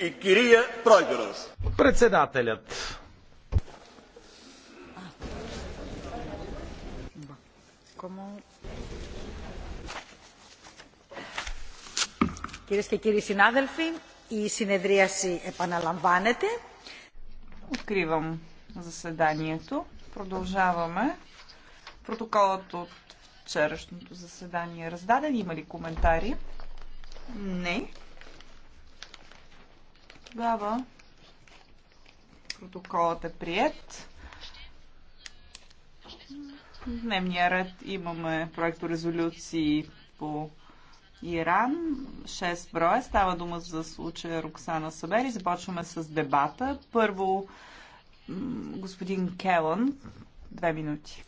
и Кирия Пройдерос. Председателят. και κύριοι συνάδελφοι, η συνεδρίαση επαναλαμβάνεται. Откривам заседанието. Продължаваме. Протоколът от вчерашното заседание е раздаден. Има ли коментари? Не. Тогава протоколът е прият. В дневния ред имаме проекторезолюции по Иран. 6 броя. Става дума за случая Роксана Сабери. Започваме с дебата. Първо господин Келън. Две минути.